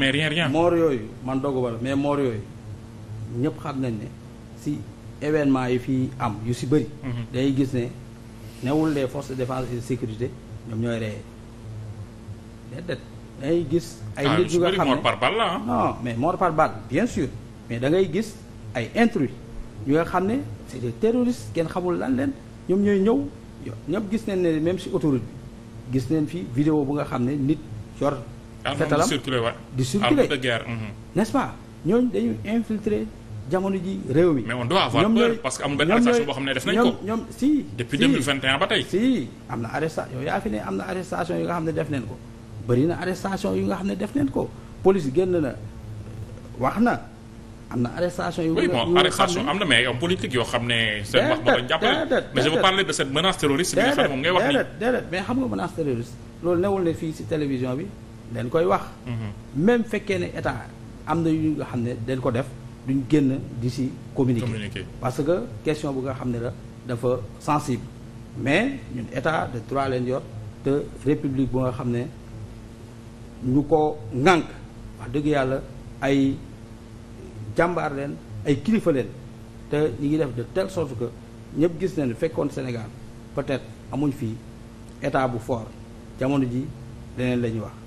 mais rien rien moor yooyu man doogu wala mais moor yooyu ñëpp xam nañ ne si événement yi fii am yu si bëri. Mhm. day gis ne newul les forces de défense et sécurité ñoom ñooy reyee déedéet dangay gis. ay ah, nit ñu nga xam ne mort par balle mais mort par balle mais da ngay gis ay intrus ñu nga xam ne est des terroristes kenn xamul lan leen ñoom ñooy ñëw ñëpp gis nañ ne même si autoroute bi gis nañ fi vidéo bu nga xam ne nit yor. fetalam di circuler n'est-ce pas ñooñu dañu infiltrer jamono ji réew mi. mais on doit avoir parce que amul xam ne def nañ ko ñoom si. depuis 2021 ba am na arrestation yow yaa fi ne am na arrestation yu nga xam ne def neen ko bëri na arrestation yu nga xam ne def neen ko police génn na wax na am na arrestation yu. oui bon arrestation am na yoo xam ne. seen wax moo doon jàppale mais je veux parler de cette menace nga xam ne moom ngay wax nii déedéet déedéet mais xam nga menace terroriste loolu newul ne fii si télévision bi. dañ koy wax. Mm-hmm. même fekkee ne état am na yu nga xam ne dañ ko def duñ génn di si communiquer. parce que question bu nga xam ne la dafa sensible mais ñun état de trois leen yor te république bu nga xam ne ñu ko ŋànk wax dëgg yàlla ay jàmbaar leen ay kilifa leen te ñu ngi def de telle sorte que ñëpp gis nañu fekkoon Sénégal peut-être amuñ fii état bu fort jamono ji leneen la ñuy wax.